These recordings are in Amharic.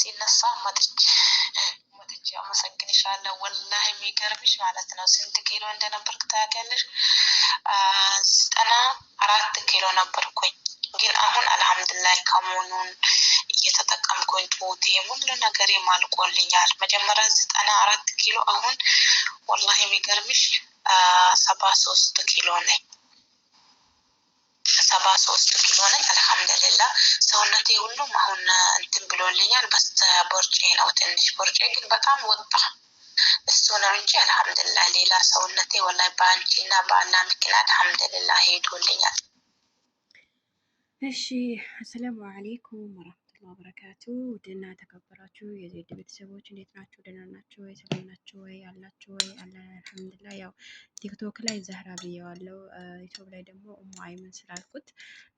ሲነሳ ሞተች ሞተች። አመሰግንሻለሁ። ወላሂ የሚገርምሽ ማለት ነው ስንት ኪሎ እንደነበርክ ታውቂያለሽ? ዘጠና አራት ኪሎ ነበርኩኝ። ግን አሁን አልሐምዱሊላህ ከመሆኑን እየተጠቀምኩኝ ቦቴ ሁሉ ነገር አልቆልኛል። መጀመሪያ ዘጠና አራት ኪሎ አሁን ወላሂ የሚገርምሽ ሰባ ሶስት ኪሎ ነኝ። ሰባ ሶስት ኪሎ ነኝ። አልሐምድልላ ሰውነቴ ሁሉም አሁን እንትን ብሎልኛል። በስተ ቦርጬ ነው ትንሽ ቦርጬ ግን በጣም ወጣ እሱ ነው እንጂ አልሐምድልላ ሌላ ሰውነቴ ወላይ በአንቺ እና በአላ ምክንያት አልሐምድልላ ሄዶልኛል። እሺ፣ አሰላሙ አሌይኩም ወረህመቱላሂ ወበረካቱ ውድና ተከበራችሁ የዜድ ቤተሰቦች እንዴት ናችሁ? ደህና ናችሁ ወይ? ሰላም ናችሁ ወይ? አላችሁ ወይ? አለን አልሐምዱሊላህ። ያው ቲክቶክ ላይ ዘህራ ብየዋለው፣ ዩቱብ ላይ ደግሞ ኡሙ አይመን ስላልኩት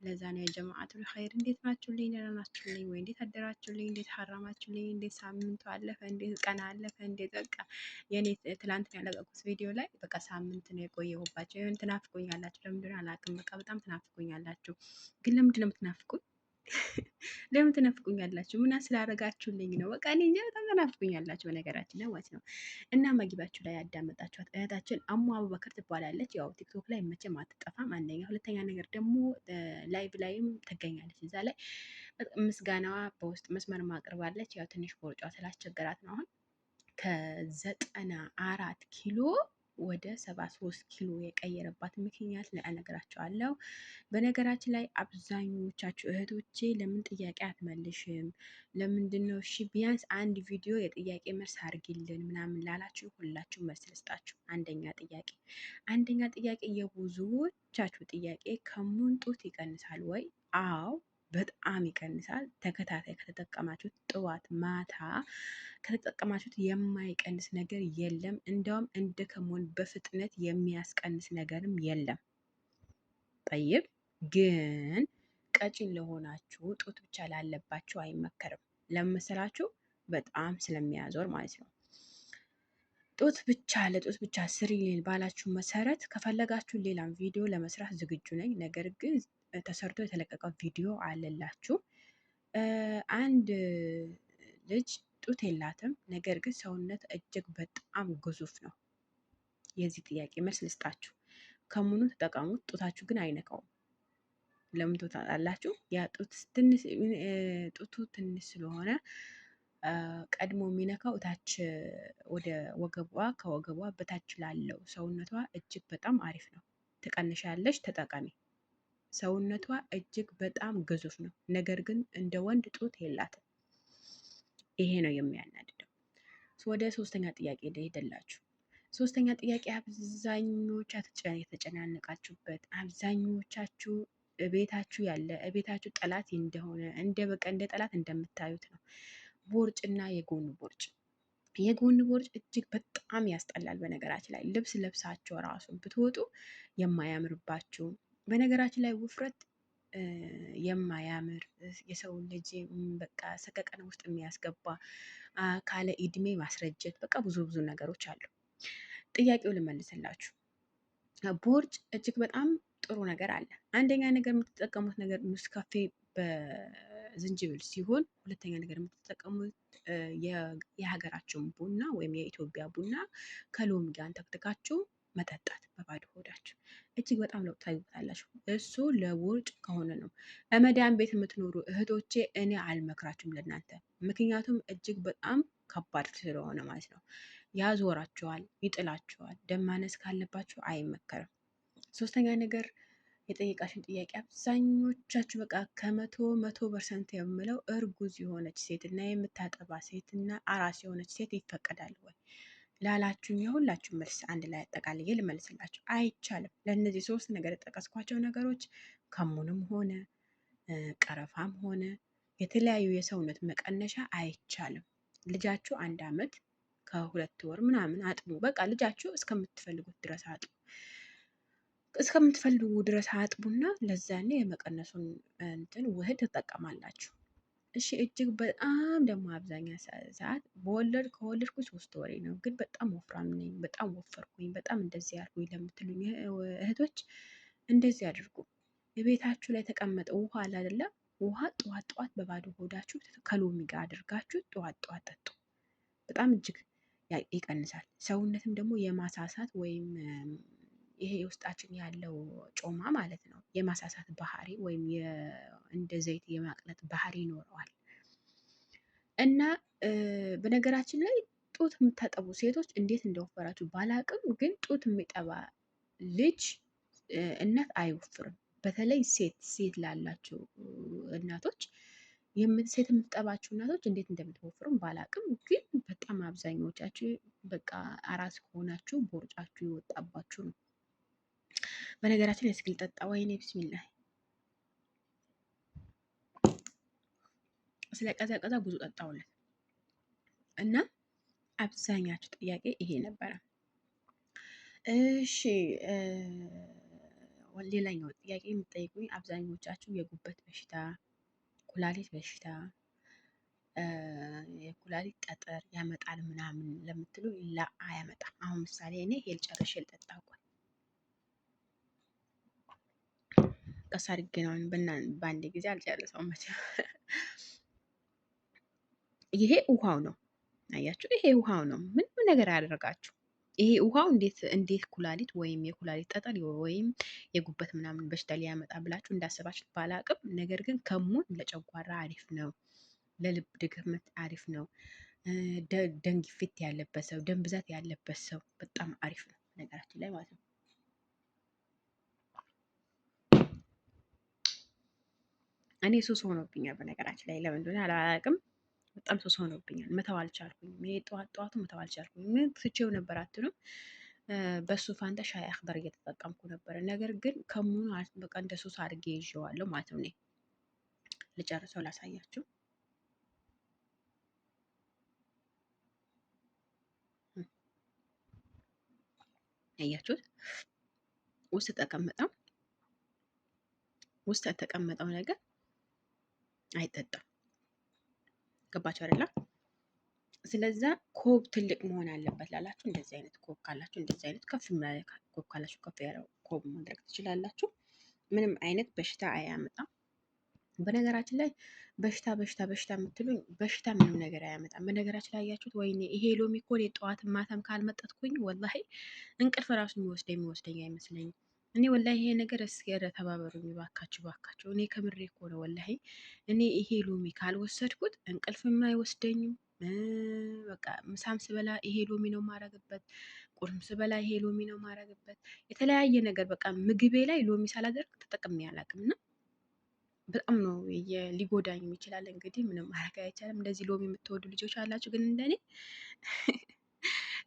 ለዛ ነው። የጀማዓቱል ኸይር እንዴት ናችሁ ልኝ? ደህና ናችሁ ልኝ ወይ? እንዴት አደራችሁ ልኝ? እንዴት ሀራማችሁ ልኝ? እንዴት ሳምንቱ አለፈ? እንዴት ቀን አለፈ? እንዴት በቃ የኔ ትላንት ያለቀቁት ቪዲዮ ላይ በቃ ሳምንት ነው የቆየሁባቸው። ይሁን ትናፍቁኛላችሁ፣ ለምንድን አላውቅም። በቃ በጣም ትናፍቁኛላችሁ። ግን ለምንድን ነው የምትናፍቁኝ? ለምን ትነፍቁኛላችሁ? ምና ስላደረጋችሁልኝ ነው? በቃ እኔ እንጃ በጣም ተናፍቁኛላችሁ። በነገራችን ላይ ማለት ነው እና መግቢያችሁ ላይ ያዳመጣችኋት እህታችን አሞ አቡበከር ትባላለች። ያው ቲክቶክ ላይ መቼም አትጠፋም፣ አንደኛ። ሁለተኛ ነገር ደግሞ ላይቭ ላይም ትገኛለች። እዛ ላይ ምስጋናዋ በውስጥ መስመር ማቅርባለች። ያው ትንሽ ቦርጫ ስላስቸገራት ነው አሁን ከዘጠና አራት ኪሎ ወደ 73 ኪሎ የቀየረባት ምክንያት እነግራቸዋለሁ። በነገራችን ላይ አብዛኞቻችሁ እህቶቼ ለምን ጥያቄ አትመልሽም? ለምንድን ነው እሺ ቢያንስ አንድ ቪዲዮ የጥያቄ መልስ አድርጊልን ምናምን ላላችሁ ሁላችሁ መልስ ልስጣችሁ። አንደኛ ጥያቄ አንደኛ ጥያቄ የብዙዎቻችሁ ጥያቄ ከሙን ጡት ይቀንሳል ወይ? አዎ በጣም ይቀንሳል። ተከታታይ ከተጠቀማችሁት ጥዋት ማታ ከተጠቀማችሁት የማይቀንስ ነገር የለም። እንደውም እንደ ከመሆን በፍጥነት የሚያስቀንስ ነገርም የለም። ጠይብ ግን ቀጭን ለሆናችሁ ጡት ብቻ ላለባችሁ አይመከርም። ለምን መሰላችሁ? በጣም ስለሚያዞር ማለት ነው። ጡት ብቻ ለጡት ብቻ ስሪሌል ባላችሁ መሰረት ከፈለጋችሁ ሌላም ቪዲዮ ለመስራት ዝግጁ ነኝ። ነገር ግን ተሰርቶ የተለቀቀው ቪዲዮ አለላችሁ። አንድ ልጅ ጡት የላትም፣ ነገር ግን ሰውነት እጅግ በጣም ግዙፍ ነው። የዚህ ጥያቄ መልስ ልስጣችሁ። ከሙኑ ተጠቀሙት፣ ጡታችሁ ግን አይነካውም። ለምን ትወጣላችሁ? ያ ጡት ትንሽ ስለሆነ ቀድሞ የሚነካው እታች ወደ ወገቧ ከወገቧ በታች ላለው ሰውነቷ እጅግ በጣም አሪፍ ነው። ትቀንሻለሽ፣ ተጠቃሚ ሰውነቷ እጅግ በጣም ግዙፍ ነው፣ ነገር ግን እንደ ወንድ ጡት የላትም። ይሄ ነው የሚያናድደው። ወደ ሶስተኛ ጥያቄ ሄደላችሁ። ሶስተኛ ጥያቄ አብዛኞቻችሁ የተጨናነቃችሁበት አብዛኞቻችሁ ቤታችሁ ያለ ቤታችሁ ጠላት እንደሆነ እንደ በቀ እንደ ጠላት እንደምታዩት ነው። ቦርጭና የጎን ቦርጭ የጎን ቦርጭ እጅግ በጣም ያስጠላል። በነገራችን ላይ ልብስ ለብሳቸው እራሱ ብትወጡ የማያምርባችሁ። በነገራችን ላይ ውፍረት የማያምር የሰው ልጅ በቃ ሰቀቀን ውስጥ የሚያስገባ ካለ እድሜ ማስረጀት፣ በቃ ብዙ ብዙ ነገሮች አሉ። ጥያቄው ልመልስላችሁ። ቦርጭ እጅግ በጣም ጥሩ ነገር አለ። አንደኛ ነገር የምትጠቀሙት ነገር ኔስካፌ ዝንጅብል ሲሆን ሁለተኛ ነገር የምትጠቀሙት የሀገራችን ቡና ወይም የኢትዮጵያ ቡና ከሎሚ ጋር ተክትካችሁ መጠጣት በባዶ ሆዳችሁ እጅግ በጣም ለውጥ ታዩታላችሁ። እሱ ለውርጭ ከሆነ ነው። መድኃኒት ቤት የምትኖሩ እህቶቼ እኔ አልመክራችሁም ለእናንተ ምክንያቱም እጅግ በጣም ከባድ ስለሆነ ማለት ነው። ያዞራችኋል፣ ይጥላችኋል። ደም ማነስ ካለባችሁ አይመከርም። ሶስተኛ ነገር የጠየቃችን ጥያቄ አብዛኞቻችሁ በቃ ከመቶ መቶ ፐርሰንት የምለው እርጉዝ የሆነች ሴት እና የምታጠባ ሴት እና አራስ የሆነች ሴት ይፈቀዳል ወይ ላላችሁኝ የሁላችሁ መልስ አንድ ላይ አጠቃልዬ ልመልስላችሁ፣ አይቻልም። ለእነዚህ ሶስት ነገር የጠቀስኳቸው ነገሮች ከሙንም ሆነ ቀረፋም ሆነ የተለያዩ የሰውነት መቀነሻ አይቻልም። ልጃችሁ አንድ አመት ከሁለት ወር ምናምን አጥቡ። በቃ ልጃችሁ እስከምትፈልጉት ድረስ አጥቡ። እስከምትፈልጉ ድረስ አጥቡና ለዛኔ የመቀነሱን እንትን ውህድ ትጠቀማላችሁ። እሺ እጅግ በጣም ደግሞ አብዛኛ ሰዓት በወለድ ከወለድኩ ሶስት ወሬ ነው፣ ግን በጣም ወፍራም ነኝ፣ በጣም ወፈርኩኝ፣ በጣም እንደዚህ ያልኩኝ ለምትሉኝ እህቶች እንደዚህ አድርጉ። የቤታችሁ ላይ የተቀመጠ ውሃ አለ አይደለ? ውሃ ጠዋት ጠዋት በባዶ ሆዳችሁ ከሎሚ ጋር አድርጋችሁ ጠዋት ጠዋት ጠጡ። በጣም እጅግ ይቀንሳል። ሰውነትም ደግሞ የማሳሳት ወይም ይሄ ውስጣችን ያለው ጮማ ማለት ነው የማሳሳት ባህሪ ወይም እንደ ዘይት የማቅለጥ ባህሪ ይኖረዋል። እና በነገራችን ላይ ጡት የምታጠቡ ሴቶች እንዴት እንደወፈራችሁ ባላቅም፣ ግን ጡት የሚጠባ ልጅ እናት አይወፍርም። በተለይ ሴት ሴት ላላችሁ እናቶች ሴት የምትጠባችሁ እናቶች እንዴት እንደምትወፍሩም ባላቅም፣ ግን በጣም አብዛኛዎቻችሁ በቃ አራስ ከሆናችሁ ቦርጫችሁ የወጣባችሁ ነው። በነገራችን ላይ እስኪ ልጠጣ። ወይኔ ብስሚላ ስለ ቀዘቀዘ ብዙ ጠጣውለት እና አብዛኛችሁ ጥያቄ ይሄ ነበረ። እሺ ሌላኛው ጥያቄ የምጠይቁኝ አብዛኞቻችሁ የጉበት በሽታ፣ ኩላሊት በሽታ፣ የኩላሊት ጠጠር ያመጣል ምናምን ለምትሉ ላ አያመጣም። አሁን ምሳሌ እኔ ሄል ጨርሼ ልጠጣ ቀስ አድርጌ ነው በአንድ ጊዜ አልጨርሰው መቼም። ይሄ ውሃው ነው አያችሁ፣ ይሄ ውሃው ነው። ምንም ነገር አያደርጋችሁ። ይሄ ውሃው እንዴት እንዴት ኩላሊት ወይም የኩላሊት ጠጠር ወይም የጉበት ምናምን በሽታ ሊያመጣ ብላችሁ እንዳሰባችሁ ባላቅም፣ ነገር ግን ከሙን ለጨጓራ አሪፍ ነው፣ ለልብ ድግመት አሪፍ ነው። ደም ግፊት ያለበት ሰው፣ ደም ብዛት ያለበት ሰው በጣም አሪፍ ነው፣ ነገራችን ላይ ማለት ነው። እኔ ሱስ ሆኖብኛል። በነገራችን ላይ ለምን እንደሆነ አላውቅም፣ በጣም ሱስ ሆኖብኛል። መተው አልቻልኩኝም። ይሄ ጠዋት ጠዋቱ መተው አልቻልኩኝም። ምን ትቼው ነበር አትሉም? በሱ ፋንታ ሻይ አክበር እየተጠቀምኩ ነበረ። ነገር ግን ከሙኑ በቃ እንደ ሱስ አድርጌ ይዤዋለሁ ማለት ነው። ልጨርሰው ላሳያችሁ። አያችሁት? ውስጥ ተቀመጠው ውስጥ ተቀመጠው ነገር አይጠጣም። ገባችሁ አይደለ? ስለዛ ኮብ ትልቅ መሆን አለበት ላላችሁ እንደዚህ አይነት ኮብ ካላችሁ እንደዚህ አይነት ከፍ የሚያለ ኮብ ካላችሁ ከፍ ያለ ኮብ ማድረግ ትችላላችሁ። ምንም አይነት በሽታ አያመጣም። በነገራችን ላይ በሽታ በሽታ በሽታ የምትሉኝ በሽታ ምንም ነገር አያመጣም። በነገራችን ላይ ያያችሁት ወይኔ ይሄ ሎሚ እኮ ጠዋት ማታም ካልመጠጥኩኝ ወላሂ እንቅልፍ ራሱ የሚወስደኝ የሚወስደኝ አይመስለኝም። እኔ ወላ ይሄ ነገር እስኪ ኧረ ተባበሩ ባካችሁ ባካችሁ። እኔ ከምሬ እኮ ነው ወላሂ። እኔ ይሄ ሎሚ ካልወሰድኩት እንቅልፍም አይወስደኝም። በቃ ምሳም ስበላ ይሄ ሎሚ ነው ማረግበት፣ ቁርም ስበላ ይሄ ሎሚ ነው ማረግበት። የተለያየ ነገር በቃ ምግቤ ላይ ሎሚ ሳላደርግ ተጠቅሜ አላውቅም እና በጣም ነው ሊጎዳኝ ይችላል። እንግዲህ ምንም ማድረግ አይቻልም። እንደዚህ ሎሚ የምትወዱ ልጆች አላችሁ፣ ግን እንደኔ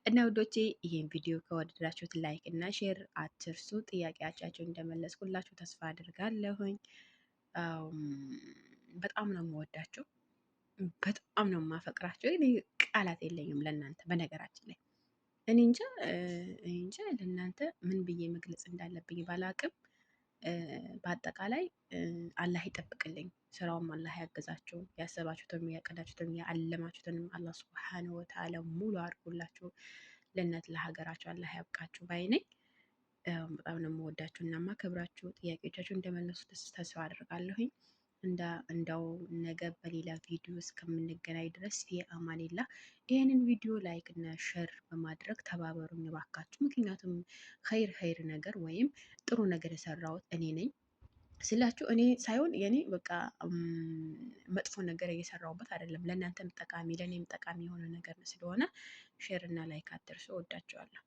እና ውዶቼ ይህን ቪዲዮ ከወደዳችሁት ላይክ እና ሼር አትርሱ። ጥያቄያቻቸው እንደመለስኩላችሁ ተስፋ አድርጋለሁኝ። በጣም ነው የምወዳችሁ፣ በጣም ነው የማፈቅራችሁ። ቃላት የለኝም ለእናንተ። በነገራችን ላይ እኔ እንጃ እኔ እንጃ ለእናንተ ምን ብዬ መግለጽ እንዳለብኝ ባላቅም በአጠቃላይ አላህ ይጠብቅልኝ። ስራውም አላህ ያግዛችሁ። ያሰባችሁትንም ያቀዳችሁትንም ያአለማችሁትንም አላህ ስብሓን ወተዓላ ሙሉ አድርጎላችሁ ለነት ለሀገራችሁ አላህ ያብቃችሁ ባይ ነኝ። በጣም ነው የምወዳችሁ እና ማከብራችሁ። ጥያቄዎቻችሁ እንደመለሱ ተስፋ አድርጋለሁኝ። እንዳው ነገ በሌላ ቪዲዮ እስከምንገናኝ ድረስ አማሌላ ይህንን ቪዲዮ ላይክ እና ሸር በማድረግ ተባበሩኝ ባካችሁ። ምክንያቱም ኸይር ኸይር ነገር ወይም ጥሩ ነገር የሰራሁት እኔ ነኝ ስላችሁ እኔ ሳይሆን የኔ በቃ መጥፎ ነገር እየሰራሁበት አይደለም። ለእናንተም ጠቃሚ ለእኔም ጠቃሚ የሆነ ነገር ስለሆነ ሼር እና ላይክ አድርሶ ወዳቸዋለሁ።